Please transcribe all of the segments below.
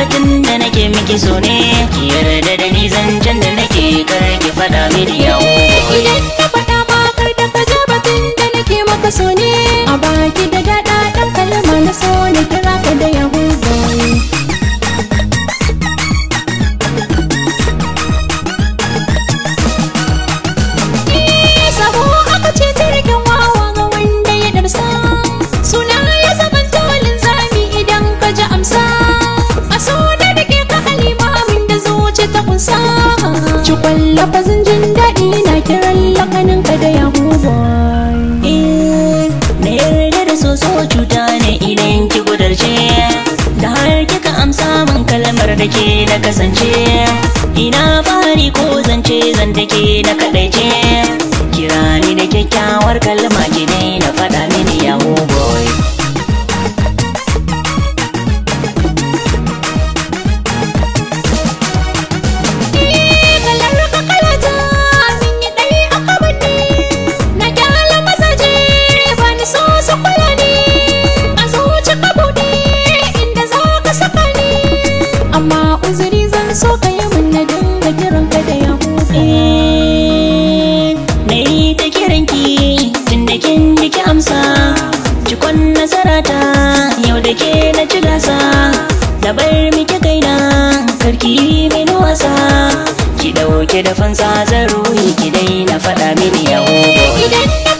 batun da nake miki so ne ki yarda da ni zancen da nake kar ki faɗa mini ci kwallo fasin jin daɗi na kiran lakanin ka da yahoo eh, na yarda da soso cuta ne idan ki gudarce da har kika amsa min kalmar da ke na kasance ina fari ko zance zan da na kaɗaice kira ni da kyakkyawar kalma ki na faɗa mini yahoo boy nasarata yau da ke na ci gasa da bar miki kaina yi mini wasa ki dauke da fansa zan ruhi ki na faɗa mini yau idan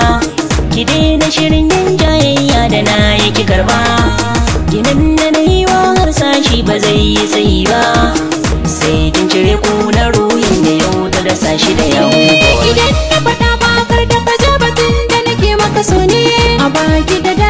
ki na shirin yin jayayya da na yi ki karba ginin da na yi wa harsashi ba zai yi tsayi ba sai kin cire kuna ruhin da yau ta dasa shi da yau idan na faɗa ba kar da ka ja batun da nake maka so ne a baki da